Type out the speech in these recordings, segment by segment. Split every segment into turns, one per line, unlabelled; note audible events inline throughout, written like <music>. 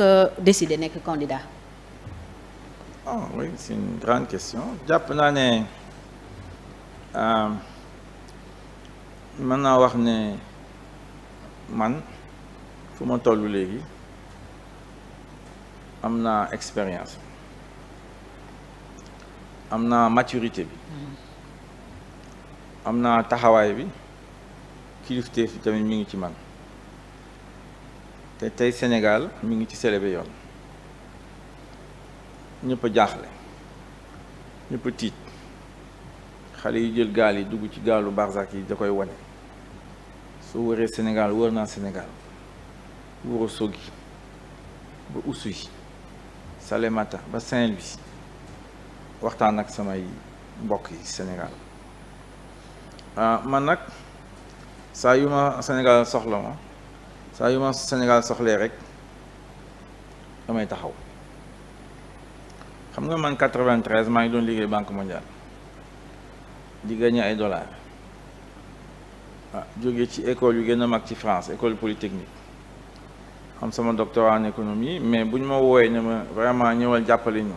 nga décider nekk candidat.
ah oui c'est une grande question jàpp naa ne euh, mën naa wax ne man fu ma toll léegi am naa expérience am naa maturité bi hmm. am naa taxawaay bi kilifteef bi tamit mi ngi ci man. te tey Sénégal mi ngi ci selebe yoon ñëpp jaaxle ñëpp tiit xale yu jël gaal yi dugg ci gaalu Barzak yi da koy wane su wëree Sénégal wër naa Sénégal wuro Sogi ba Oussouye Salémata ba Saint-Louis waxtaan ak samay mbokk yi Sénégal ah, man nag saa yu ma Sénégal soxla ma saa yu ma Sénégal soxlee rek damay taxaw xam nga man 93 maa ngi doon liggéey banque mondial di gagné ay dollars ah jóge ci école yu gën a mag ci France école polytechnique am sama doctorat en économie mais bu ñu ma woowee ne ma vraiment ñëwal jàppale ñu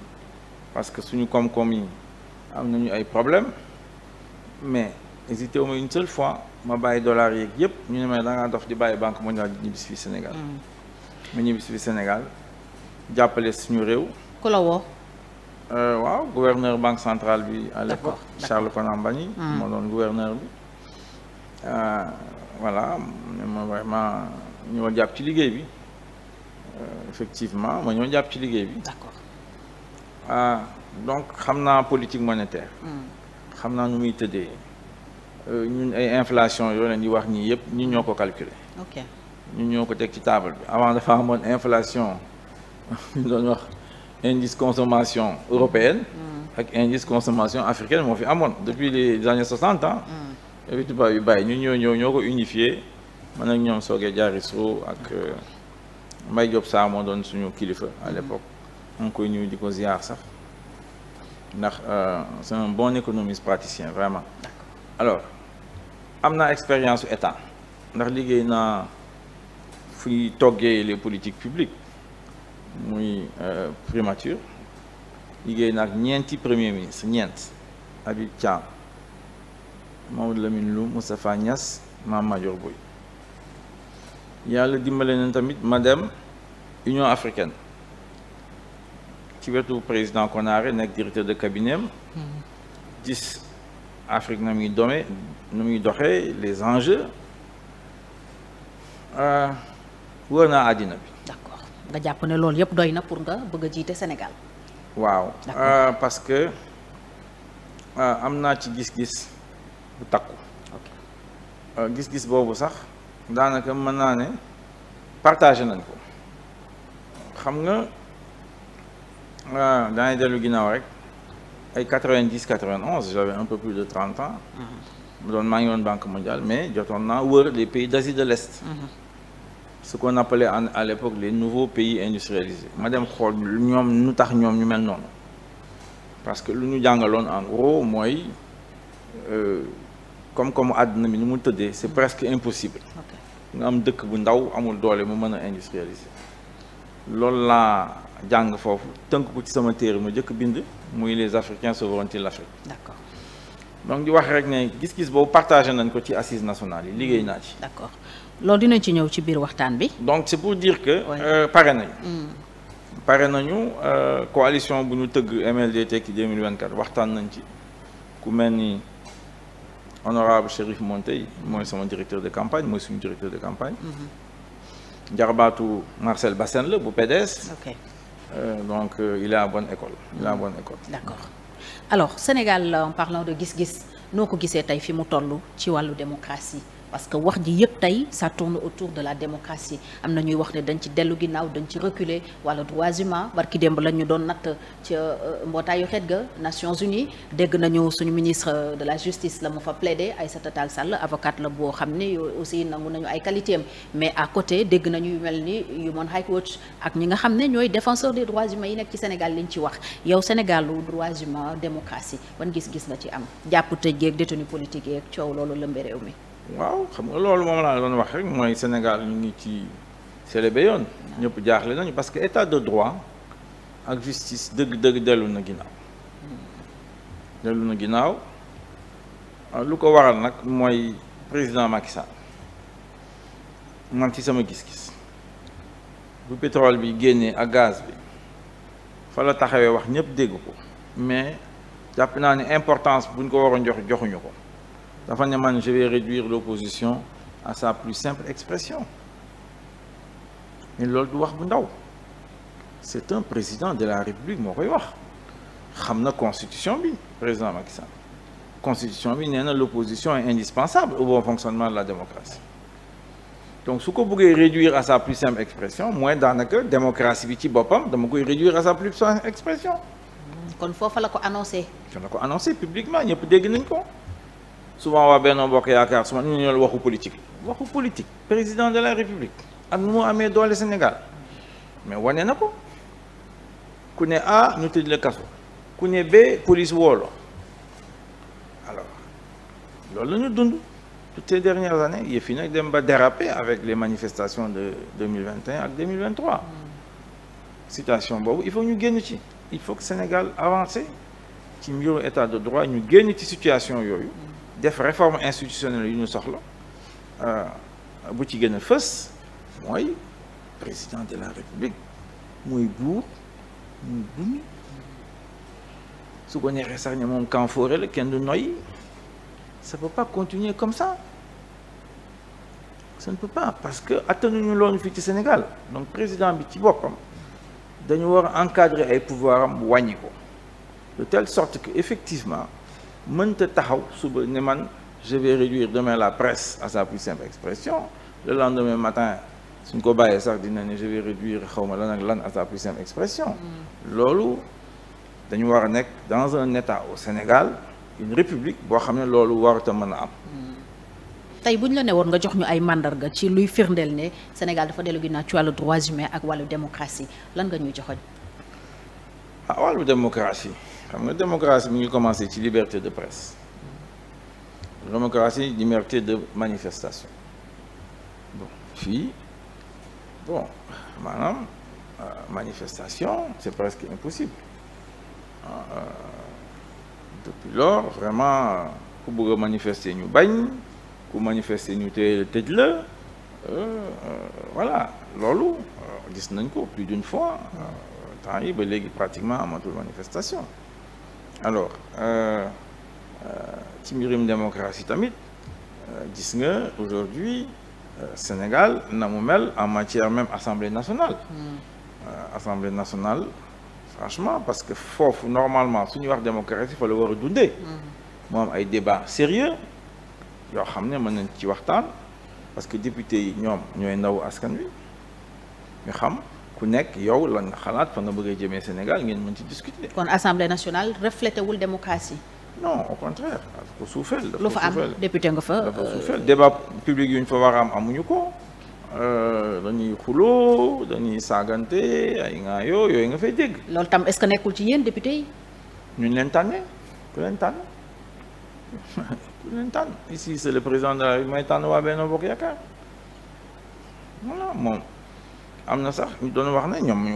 parce que suñu koom-koom yi am nañu ay problème mais hésité wu ma une seule fois ma bàyyi dollars yeeg yëpp ñu ne ma da ngaa dof di bàyyi banque mondiale di ñibbisi fii Sénégal. Mm. ma ñibbisi fii Sénégal jàppale suñu réew. ku la woo. Euh, waaw gouverneur banque centrale bi à l'époque Charles Konan Banny mm. moo doon gouverneur bi euh, voilà ma vraiment ñoo jàpp ci liggéey bi euh, effectivement ma ñoo jàpp ci liggéey bi d'accord ah, donc xam naa politique monétaire
mm.
xam naa nu muy tëddee ñun ay inflation yoo leen di wax ñii yëpp ñun ñoo ko calculer ok ñun ñoo ko teg ci table bi avant dafa amoon inflation <laughs> ñu doon wax indice consommation européenne hmm. ak indice consommation africaine moo fi amoon depuis les années soixante ans hmm. bi tubaab yu bàyyi ñun ñoo ñëw ñoo ko unifié man ak ñoom soogee jaari soo ak euh, may Diop sa moo doon suñu kilifa à hmm. l'époque on koy ñëw di ko ziar sax ndax euh, c'est un bon économiste praticien vraiment alors am naa expérience état ndax liggéey naa fu ñuy toggee les politiques publiques muy euh, primature liggéey naa ak ñeenti premier ministre ñeent Habib Thiam Mamadou lu Loum Moustapha Niass Mame Madior Boye yàlla dimbale na tamit ma dem Union africaine ci wetu président Konaré nekk directeur de cabinet am hmm. Afrique na muy dome nu muy doxee les enjeux euh, wër na àddina bi. d'accord
nga jàpp ne loolu yëpp doy na pour nga bëgg a jiite Sénégal.
waaw euh, parce que euh, am naa ci gis-gis bu takku. gis-gis boobu sax daanaka mën naa ne partagé nañ ko xam nga daanay dellu ginnaaw rek. ay 90 91 j'avais un peu plus de 30 ans. mu
mm-hmm.
doon maa ngi woon banque mondiale mais jotoon naa wër les pays d'Asie de l'Est. Mm-hmm. ce qu'on appelait en à l'époque le nouveaux pays industrialisés ma dem xool ñoom ñu tax ñoom ñu mel noonu parce que lu ñu jàngaloon en gros mooy euh, comme comme àdduna bi ni mu tëddee c'est mm-hmm. presque impossible. nga am dëkk bu ndaw amul doole mu mën a industrialiser. loolu laa jàng foofu tënk ko ci sama téere ma jëkk bind. muy les africains souveraineté l'Afrique d'accord donc di wax rek ne gis-gis boobu partagé nañ ko ci assises nationales yi liggéey naa ci d'accord
loolu dinañ ci ñëw ci biir waxtaan bi
donc c'est pour dire que euh, pare nañu hmm. pare nañu euh, coalition bu ñu tëgg MLD Tekki 2024 waxtaan nañ ci ku mel ni honorable Chérif Montey mooy sama directeur de campagne mooy suñu directeur de campagne njarbaatu hmm. Marcel Bassène la bu PDS Euh, donc euh, il est à bonne école il est à bonne école. d'accord
alors Sénégal en parlant de gis-gis noo ko gisee tey fi mu toll ci wàllu démocratie parce que wax ji yëpp tey ça tourne autour de la démocratie am na ñuy wax ne dañ ci dellu ginnaaw dañ ci reculer wala droits humains barki démb la ñu doon natt ca euh, mbootaayu xeet ga Nations Unies dégg nañu suñu ministre de la justice la mu fa plaidé Aïssata Tall Sall avocate la boo xam ne aussi nangu nañu ay qualité mais à côté dégg nañu yu mel ni Human Rights Watch ak ñi nga xam ne ñooy défenseur des droits humains yi nekk ci Sénégal liñ ci wax yow Sénégal lu droits humains démocratie gis-gis nga ci am jàpp tëj geeg détenu coow loolu lëmbe réew mi waaw xam
nga loolu moom laa doon wax rek mooy Sénégal ñu ngi ci célébé yoon ñëpp jaaxle nañu parce que état de droit ak justice dëgg-dëgg dellu na ginnaaw dellu na ginnaaw ah, lu ko waral nag mooy président Macky Sall man ci sama gis-gis bu pétrole bi génnee ak gaz bi fala la taxawee wax ñëpp dégg ko mais jàpp naa ne importance buñ ko waroon jox joxuñu ko dafa ne man je vais réduire l'opposition à sa plus simple expression mais loolu du wax bu ndaw c'est un président de la république moo koy wax xam na constitution bi président Macky Sall constitution bi nee na l'opposition est indispensable au bon fonctionnement de la démocratie donc su ko bëggee réduire à sa plus simple expression mooy daanaka démocratie bi ci boppam dama koy réduire à sa plus simple expression kon foofa la ko annoncé. kon la ko annoncé ñëpp dégg nañ ko souvent waa Benno Bokk Yaakaar su ma ñu ñëw waxu politique waxu politique président de la république ak nu mu amee doole Sénégal mais wane na ko ku ne A ñu tëj la kaso ku ne B police woolo alors loolu la ñu dund toutes ces dernières années yëf yi nag dem ba déraper avec les manifestations de 2021 ak 2023 situation boobu il faut ñu génn ci il faut que Sénégal avancé ci mbiru état de droit ñu génn ci situation yooyu def réforme institutionnelle yu ñu soxla euh, bu ci gën a fës mooy président de la république mooy buur muy dumi su ko neexee sax ne moom kan foore la kenn du noyyi ça peut pas continuer comme ça ça ne peut pas parce que attanuñu loo fii ci Sénégal donc président bi ci boppam dañu war a encadrer ay pouvoir am wàññi ko de telle sorte que effectivement mënta taxaw suba ne man je vais réduire demain la presse à sa plus simple expression le lendemain matin suñ ko bàyyee sax dina ne je vais réduire xawma la ak lan à sa plus expression
mm.
loolu dañu war a nekk dans un état au Sénégal une république boo xam ne loolu warut a mën a am
mm. tey bu ñu la ne woon nga jox ñu ay màndarga ci luy firndeel ne Sénégal dafa dellu ginnaaw ci wàllu droits humains ak wàllu démocratie lan nga ñuy joxoñ
ah wàllu démocratie xam nga démocratie mi ngi commencé ci liberté de presse démocratie liberté de manifestation bon fii bon maanaam euh, manifestation c'est presque impossible euh, depuis lors vraiment ku bëgg manifeste manifester ñu bañ ku manifeste ñu téye tëj la euh, voilà loolu gis nañ ko plus d'une fois temps yi ba léegi pratiquement amatul manifestation alors euh, euh, ci mbirum démocratie tamit euh, gis nga aujourd'hui Sénégal na mu mel en matière même assemblée nationale hmm. assemblée nationale franchement parce que foofu normalement suñuy wax démocratie fa la war a dundee moo hmm. ay débat sérieux yoo xam ne mën nañ ci waxtaan parce que député yi ñoom ñooy ndaw askan wi ñu xam bu nekk yow lan xalaat fa nga bëggee jëmee Sénégal ngeen mën ci discuter.
kon assemblée nationale reflété wul démocratie. non au contraire dafa
ko suufeel. lu fa am
nga fa dafa euh, suufeel
débat public yu ñu fa war a am amuñu ko. Euh, dañuy xuloo dañuy saagante ay ŋaayoo yooyu nga fay dégg.
loolu tam est-ce que nekkul ci yéen député yi.
ñu leen tànnee ku leen tànn
<laughs> ku leen tànn
ici c'est le président de la République may tànn waa Benno
Bokk Yaakaar voilà
moom. am na sax ñu doon wax ne ñoom